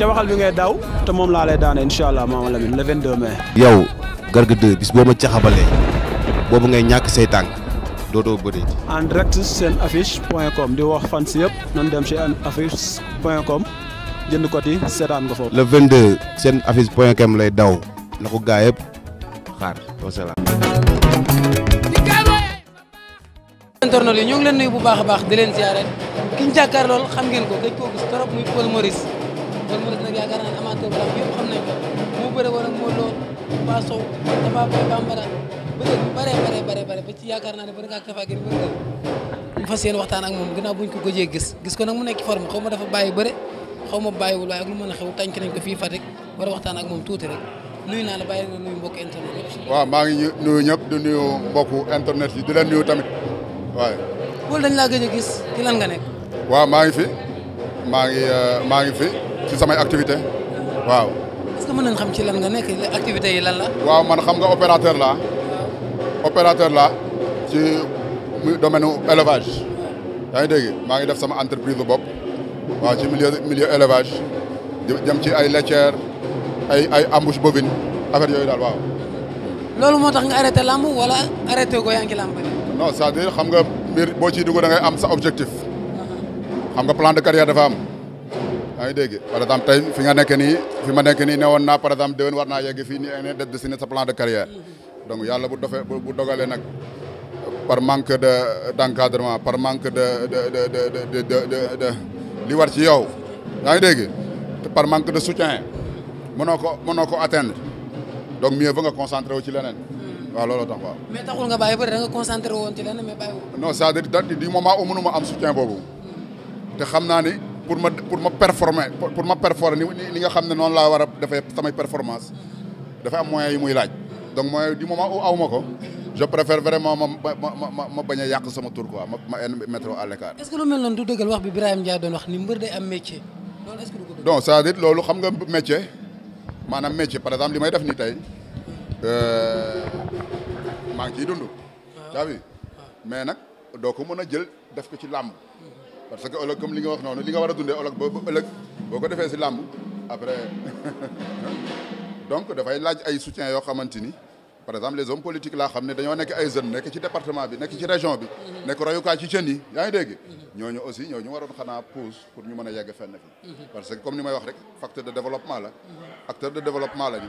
ca waxal bi ngay daw te moom laa lay daane incha allah maama Lamine le 22 mai. yow Garga 2 bis boo ma caxabalee boobu ngay ñàkk say tànk dootoo bëri. en direct seen affiche point com di wax fan si yëpp dem seen affiche point com jënd ko ci seetaan nga foofu. le seen affiche point lay daw na ko gaa yëpp xaar wa baax a loolu moo des nag yaakaar naa ne amateur bu lamb yëpp xam nañ ko moo bëre woon ak Modou Lo Papa Sow Tapha Boy Bambara bëgg bu bare bare bare bare ba ci yaakaar naa ne bëri nga ak Tapha Gueye bëri nga mu fas yéene waxtaan ak moom ginnaaw buñ ko gëjee gis gis ko nag mu nekk forme xaw ma dafa bàyyi bëre xaw ma bàyyiwul waaye ak lu mën a xew tànk nañ ko fii Fatick war a waxtaan ak moom tuuti rek nuyu naa la bàyyi la nuyu mbokk internet yi. waaw maa ngi nuyu ñëpp di nuyu mbokku internet yi di leen nuyu tamit waaye. wala dañ laa gëj a gis ci lan nga nekk. waaw maa ngi fi maa ngi euh, maa ngi fi ci samay activité waaw. est nañ xam ci lan nga nekk activités waaw man xam nga opérateur la opérateur la ci domaine élevage yaa ngi dégg maa ngi def sama entreprise bopp waaw ci milieu milieu élevage jëm ci ay laitière ay ay embouche bovine affaire yooyu daal waaw. loolu moo tax nga arrêté lamb wala arrêté ko yaa ngi lamb non cest à xam nga mbir boo ci dugg da ngay am sa objectif. Uh-huh. xam nga plan de carrière dafa am. yaa ngi dégg par exemple tey fi nga nekk ni fi ma nekk nii newoon naa par exemple déwén war naa yegg fii nii ne def dessiner sa plan de carrière donc yàlla bu dofee bu dogalee nag par manque de d' par manque de de li war ci yow yaa ngi dégg par manque de soutien mënoo ko mënoo ko atteindre donc mieux vaut nga concentré wu ci leneen. Hmm. waaw looloo tax waaw. mais taxul nga bàyyi ba da nga concentré am soutien boobu hmm. te xam naa pour ma pour ma performer pour ma performer ni nga xam ne noonu laa war a defee samay performance dafa am moyens yi muy laaj donc moyens du moment où aw ma ko je préfère vraiment ma ma ma ma bañ a yàq sama tour quoi ma ma mettre à l'écart. est-ce du dëggal wax bi Birahim Ndiaye doon wax ni mbër loolu xam nga métier maanaam métier par exemple li may def ni tey euh, maa ngi ciy dund. Ah. Ah. mais nag doo ko mën a jël def ko ci làmb. parce que ëllëg comme li nga wax noonu li war a dundee ëllëg boo ëllëg boo ko defee si làmb après donc dafay laaj ay soutien yoo xamante ni par exemple les hommes politiques laa xam ne dañoo nekk ay jeunes nekk ci département bi nekk ci région bi nekk royukaay ci jeunes yi yaa ngi dégg ñooñu aussi ñooñu waroon xanaa pousse pour ñu mën a yegg fenn fi parce que comme ni may wax rek facteur de développement la acteur de développement la ñu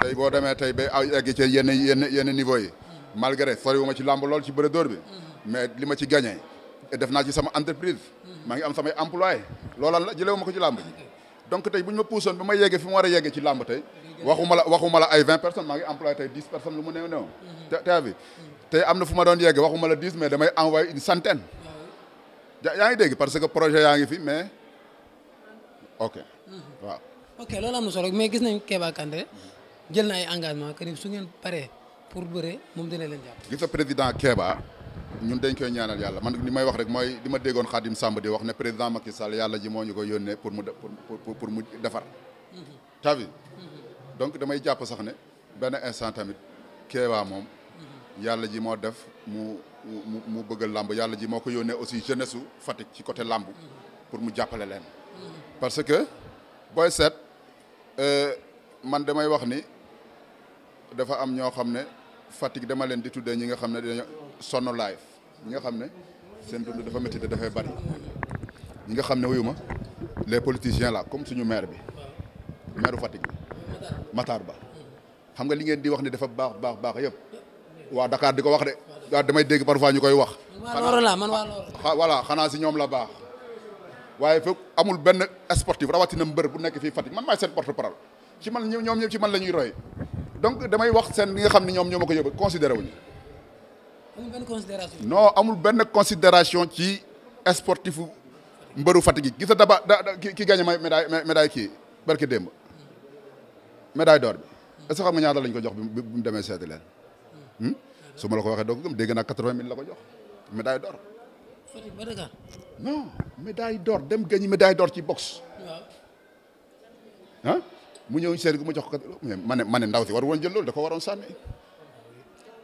tey boo demee tey ba aw egg ci yenn yenn yenn niveau yi malgré soriwuma ci làmb lool ci bëre dóor bi li ma ci gagné te def naa ci sama entreprise mm-hmm. maa ngi am samay employé loolal la jëlewu ma ko ci làmb ji donc tey bu ñu ma puusoon ba ma yeggee fi mu war a yeggee ci làmb tey waxuma la la ay vingt personnes maa ngi employé tey dix personnes mm-hmm. ma la dix mais damay envoyé une centaine yaa ngi dégg parce que projet yaa ngi fi mais ok mm-hmm. waaw ok loolu am na solo mais gis nañ Keba Kandé jël na ay engagement que ni su ngeen paree pour bëre moom dina leen jàpp gis nga président Keba ñun dañ koy ñaanal yàlla man li may wax rek mooy li ma déggoon Khadim Samb di wax ne président Macky Sall yàlla ji moo ñu ko yónnee pour mu pour pour mu defar. Mm-hmm. t'as mm-hmm. donc damay jàpp sax ne benn instant tamit Kéba moom. Mm-hmm. yàlla ji moo def mu mu mu bëgg làmb yàlla ji moo ko yónnee aussi jeunesse su Fatick ci côté làmb pour mu jàppale leen. parce que booy seet euh, man damay wax ni dafa am ñoo xam ne Fatick dama leen di tuddee ñi nga xam ne dañoo. sonn live ñi nga xam ne seen dund dafa métti te dafay bari ñi nga xam ne wuyu ma les politiciens là comme suñu maire bi maire Fatick Matar Ba xam nga li ngeen di wax ni dafa baax baax baax yëpp waa Dakar di ko wax de waaw damay dégg parfois ñu koy wax. man voilà xanaa si ñoom la baax waaye fekk amul benn sportif rawatina mbër bu nekk fii Fatick man maay seen porte parole ci man ñoom ñoom ci man la ñuy roy donc damay wax seen li nga xam ne ñoom ñoo ma ko yóbbu considéré wuñu non amul benn consideration ci sportif mbëru Fatick yi gis nga daba ki gagné may médaille médaille kii barki démb médaille d'or bi est nga ñaata lañ ko jox bi mu demee seeti leen hmm? su ma la ko waxee doo ko gëm dégg naa quatre-vingt mille la ko jox médaille d'or non médaille d'or dem gagné médaille d'or ci box ah mu ñëw seet gi mu jox ko ma ne ma ne ndaw si war woon jël loolu da ko waroon sànni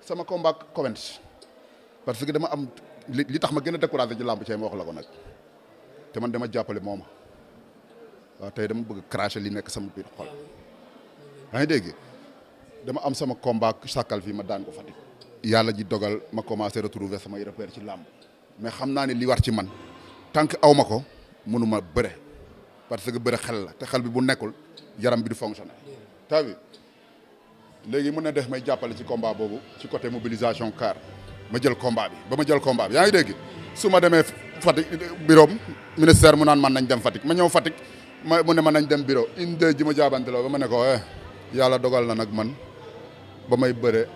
sama combat Covent parce que dama am li tax ma gën a découragé ci làmb cey ma wax la ko nag te man dama jàppale mooma waa tey dama bëgg craché li nekk sama biir xol yaa ngi dégg dama am sama combat sàkkal fii ma daan ko Fatick yàlla ji dogal ma commencé retrouver sama repère ci làmb mais xam naa ne li war ci man tant que aw ko mënuma bëre parce que bëre xel la te xel bi bu nekkul yaram bi du fonctionner taa bi léegi mën na def may jàppale ci combat boobu ci côté mobilisation car ma jël combat ba ma jël combat yaa ngi dégg su ma demee Fatick bureau ministère mu naan man nañ dem Fatick ma ñëw Fatick ma mu ne man nañ dem biroo indee ji ma jaabanteloo ba ma ne ko eh, yàlla dogal na nag man ba may bëre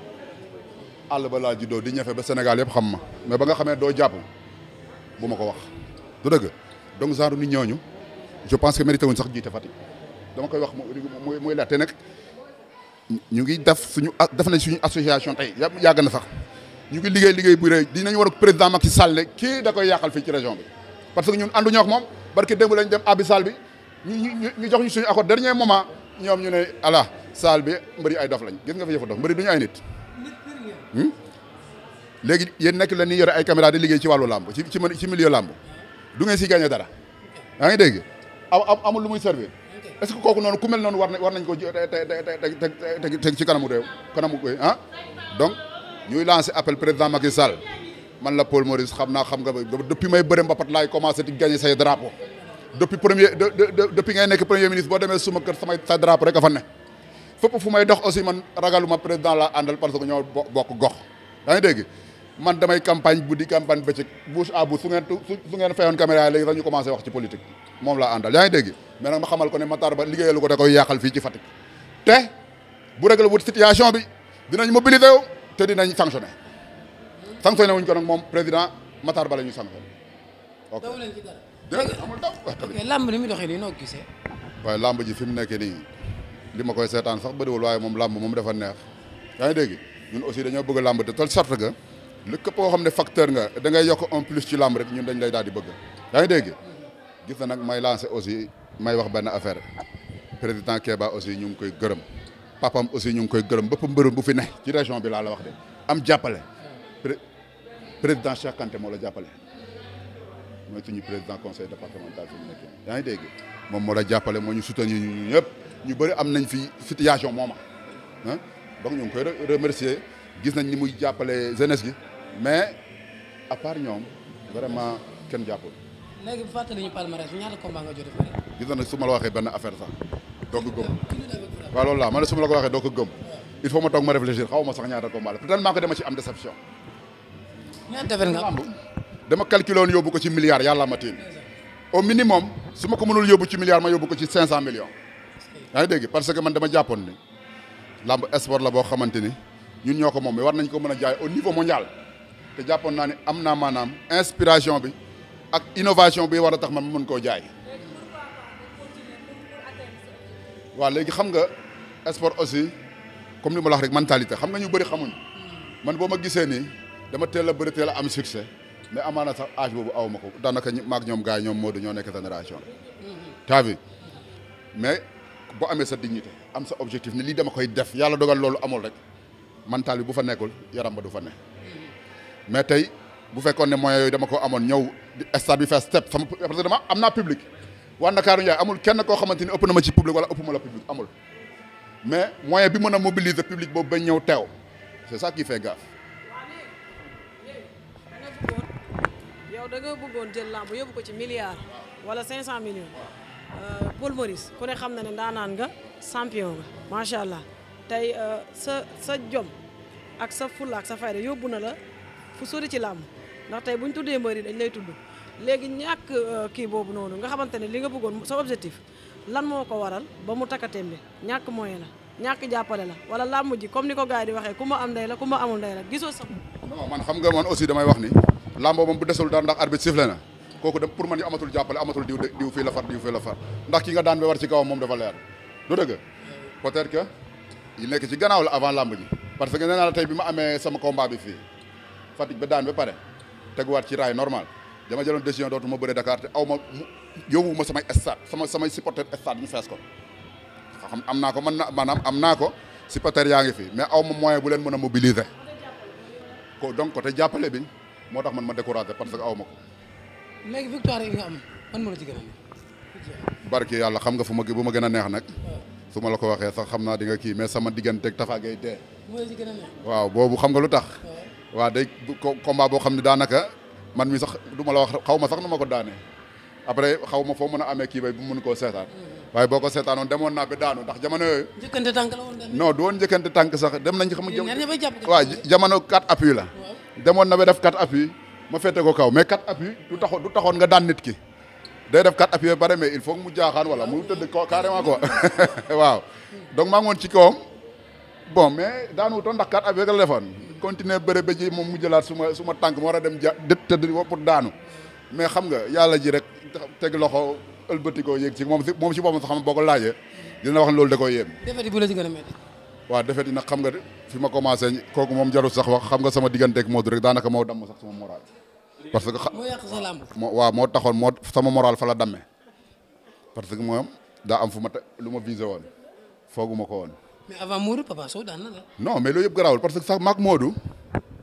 àll ba laa juddoo di ñafe ba Sénégal yëpp xam ma mais ba nga xamee doo jàpp bu ma ko wax du dëgg donc genre nit ñooñu je pense que mérité wuñ sax jiite Fatick dama koy wax muy muy laajte nag ñu ngi def suñu def nañ suñu association tey yàgg na sax ñu ngi liggéey liggéey bu rëy dinañ war a président Macky Sall ne kii da yàqal fii ci région bi parce que ñun ànduñoo ak moom barki démb lañ dem abbi Sall bi ñu ñu jox ñu suñu accord dernier moment ñoom ñu ne ala Sall bi mbëri ay dof lañ gis nga fi yëfu dof mbëri duñu ay nit. léegi yen nekk la ñuy yore ay caméra di liggéey ci wàllu làmb ci ci milieu làmb du ngeen si gagné dara yaa ngi dégg amul lu muy serve est-ce que kooku noonu ku mel noonu war nañ war nañ ko teg ci kanamu réew kanamu ah donc. ñuy lancé appel président Macky Sall man la Paul Maurice xam naa xam nga depuis may bëre mbapat laay commencé di gagné say drapeau depuis premier depuis ngay nekk premier ministre boo demee suma kër samay sa drapeau rek a fa ne fépp fu may dox aussi man ragaluma président laa àndal parce que ñoo bokk gox yaa ngi dégg man damay campagne bu campagne bëccëg bouche à su ngeen su ngeen léegi sax ñu commencé wax ci politique moom laa àndal yaa ngi ko ne Matar Ba liggéeyalu ko da bi dinañ te dinañ sanctionné sanctionné wuñ ko nag moom président Matar Ba la ñu sanctionné. ok daw leen ci dara. dégg amul daw ok làmb ni mu doxee waaye làmb ji fi mu nekk nii li ma koy seetaan sax bëriwul waaye moom làmb moom dafa neex yaa ngi dégg ñun aussi dañoo bëgg lamb te tol sart ga lu képp xam ne facteur nga da ngay yokk en plus ci làmb rek ñun dañ lay daal di bëgg yaa ngi gis na nag may lancé aussi may wax benn affaire président Keba aussi ñu ngi koy gërëm papam aussi ñu ngi koy gërëm bépp mbërëm bu fi ne ci région bi laa la wax de am jàppale président Cheikh moo la jàppale mooy suñu président conseil départemental fi mu yaa ngi dégg moom moo la jàppale moo ñu soutenir ñu ñëpp ñu bari am nañ fi situation mooma ah donc ñu ngi koy remercier gis nañ ni muy jàppale jeunesse gi mais à part ñoom vraiment kenn jàppul. léegi bu fàttali ñu palmarès ñaata gis na nag su ma la waxee benn affaire sax donc góob. waaw loolu laa man ne su ma la ko waxee doo ko gëm il faut ma toog ma réfléchir xaw ma sax ñaata combat la peut-être maa ko dama ci am déception. ñaata defar nga am dama calculé woon yóbbu ko ci milliard yàlla ma tiim au minimum su ma ko mënul yóbbu ci milliard ma yóbbu ko ci 500 millions. yaa ngi dégg parce que man dama jàppoon ni làmb sport la boo xamante ni ñun ñoo ko moom mais war nañ ko mën a jaay au niveau mondial te jàppoon naa ne am naa maanaam inspiration bi ak innovation bi war a tax man mën koo jaay. waaw léegi xam nga. sport aussi comme li ma la wax rek mentalité xam nga ñu bëri xamuñ man boo ma gisee nii dama teel a bëri teel a am succès mais amaana sax âge boobu aw ma ko daanaka maag ñoom gars yi ñoom Modou ñoo nekk génération taa bi mais boo amee sa dignité am sa objectif ni lii dama koy def yàlla dogal loolu amul rek mental bu fa nekkul yaram ba du fa ne mais tey bu fekkoon ne moyens yooyu dama ko amoon ñëw stade bi fees step sama am naa public waa Ndakaaru Ndiaye amul kenn koo xamante ni ëpp na ma ci public wala ëpp ma la public amul mais moyen bi mën a mobiliser public boobu ba ñëw teew c'est ça qui fait gaffe. yow da bëggoon jël làmb yóbbu ko ci milliard wala 500 millions euh, Paul Maurice ku ne xam na ne ndaanaan nga champion nga macha allah tey euh, sa sa jom ak sa fulla ak sa fayda yóbbu na la fu sori ci làmb ndax tey bu ñu tuddee mbër yi dañ lay tudd léegi ñàkk euh, kii boobu noonu nga xamante ne li nga bëggoon sa objectif. lan moo ko waral ba mu takkateem bi ñàkk moyen la ñàkk jàppale la wala làmb ji comme ni ko gars yi di waxee ku ma am ndey la ku ma amul ndey la gisoo sax. non man xam nga man aussi damay wax ni làmb moom bu desul dara ndax arbitre sifflé na kooku dem pour man yu amatul jàppale amatul diw diw fii la far diw fii la far ndax ki nga daan ba war ci kawam moom dafa leer du dëgg peut-être que yi nekk ci gannaaw la avant làmb ji parce que nee naa la tey bi ma amee sama combat bi fii Fatick ba daan ba teguwaat ci raay normal dama jëloon décision dootuma bëre Dakar te aw ma yóbbu ma samay stade sama samay supporter stade ma sees ko xam am naa ko man na maanaam am naa ko supporter yaa ngi fi mais aw ma moyen bu leen mën a mobiliser ko donc côté jàppale bi moo tax man ma découragé parce que aw ma ko. am man moo la ci barki yàlla xam nga fu ma bu ma gën a neex nag. su ma la ko waxee sax xam naa di nga kii mais sama digganteeg Tafa Gueye tee. waaw boobu xam nga lu tax. waaw day combat boo xam ne daanaka. man mi sax du ma la wax xaw ma sax nu ma ko daanee après xaw ma foo mën a amee kii bu mun koo seetaan waaye boo ko seetaanoon demoon naa bi daanu ndax jamono yooyu. njëkkante tànk la woon du woon njëkkante tànk sax dem nañ xam nga. waaw jamono quatre appui la. demoon na ba def quatre appui ma fete ko kaw mais quatre appui du taxoon du taxoon nga daan nit ki day def quatre appui ba pare mais il faut mu jaaxaan wala mu tëdd ko carrément waaw donc maa ngi ci kawam. bon mais daanu wutoon ndax kat avec téléphone continuer bëre ji moom mu jëlaat suma ma su tànk ma war a dem ja tëdd pour daanu mais xam nga yàlla ji rek teg loxo ëlbatikoo yéeg ci moom si moom si moom sax xam boo ko laajee dina wax ne loolu da koy yéem. defet yi bu la ci gën a métti. waaw xam nga fi ma commencé kooku moom jarul sax wax xam nga sama digganteeg Modou rek daanaka moo damm sax sama moral. parce que xa moo yàq sa lamb. moo taxoon moo sama moral fa la parce que moom daa am fu ma te lu ma visé woon fooguma ko woon. mais avant Modou Papa Sow daan na la. non mais loolu yëpp garaawul parce que sax maak Modou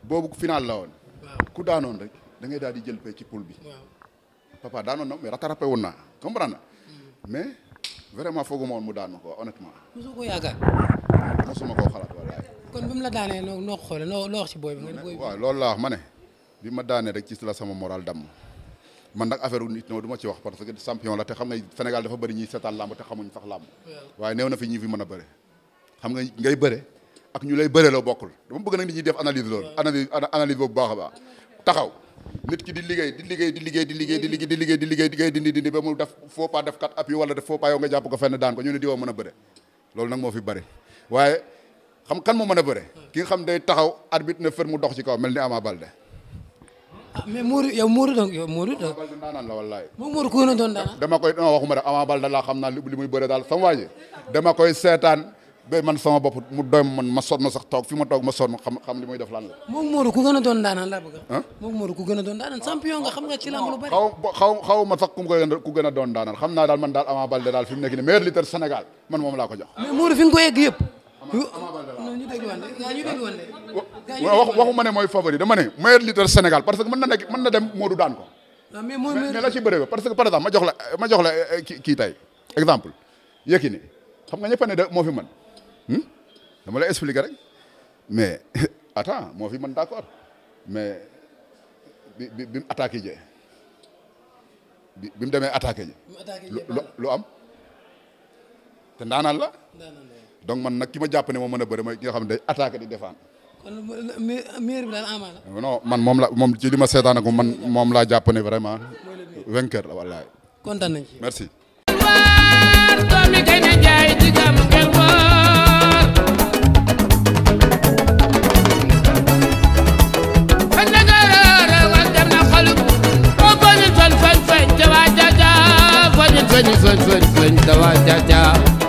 boobu final la woon. ku daanoon rek da ngay daal di jël pay ci poul bi. papa daanoon na mais rattrapé woon naa comprendre na hmm. mais vraiment fooguma woon mu daan ma ko honnêtement. mosoo ko yaakaar. mosuma koo xalaat wallaahi. kon bi mu la wax loolu laa wax ma ne. bi ma daanee rek ci la sama moral damm. man nag affaire nit ñoo ma ci wax parce que champion la te xam nga Sénégal dafa bëri ñuy seetaan làmb te xamuñ sax làmb. waaye néew na fi ñi fi mën a bëri. xam nga ngay bëre ak ñu lay bëre la bokkul dama bëgg nag nit ñi def analyse loolu analyse a baax di liggéey di liggéey liggéey di liggéey di liggéey di liggéey di liggéey di liggéey dindi dindi ba loolu nag moo fi bëri waaye xam kan moo mën a ki xam day taxaw arbitre ne fër mu dox ci kaw mel ni Ama Balde ah, mais Mourou yow Mourou donc yow Mourou donc Ama la wallaay moom Mourou ku na doon daanaan dama koy non waxuma def Ama Balde laa xam naa li muy bëre daal sama waa ji dama koy seetaan ba man sama bopp mu doy ma man ma sonn sax toog fi ma toog ma sonn xam xam muy def lan la. a doon daanaan laa bëgg a. moom Modou a doon daanaan champion nga xam nga ci lamb lu bari. xaw xaw ma sax ku gën a a doon daanaan xam naa daal man daal Ama Baldé daal fi nekk nii meilleur lutteur Sénégal man moom laa ko jox. mais ne mooy favori dama ne meilleur lutteur Sénégal parce que mën na nekk mën na dem Modou daan ko. mais la ci bëre ba parce que par exemple ma jox la ma jox la eh, eh, kii kii tey exemple Yékini xam nga ñëpp ne moo fi Hmm? dama la expliquer rek mais attends moo fi man d'accord mais bi bi bi mu attaqué jee bi bi mu demee attaqué ji. lu am te ndaanaan la. donc man nag ki ma jàpp ne moo mën a bëri mooy ki nga xam ne day attaqué di defaan kon daal ama man moom la moom ci li ma seetaan ak man moom laa jàpp ne vraiment vainqueur la wallaay. kontaan nañ ci merci. dawa jaja fañ fañ fañ fañ fañ dawa jaja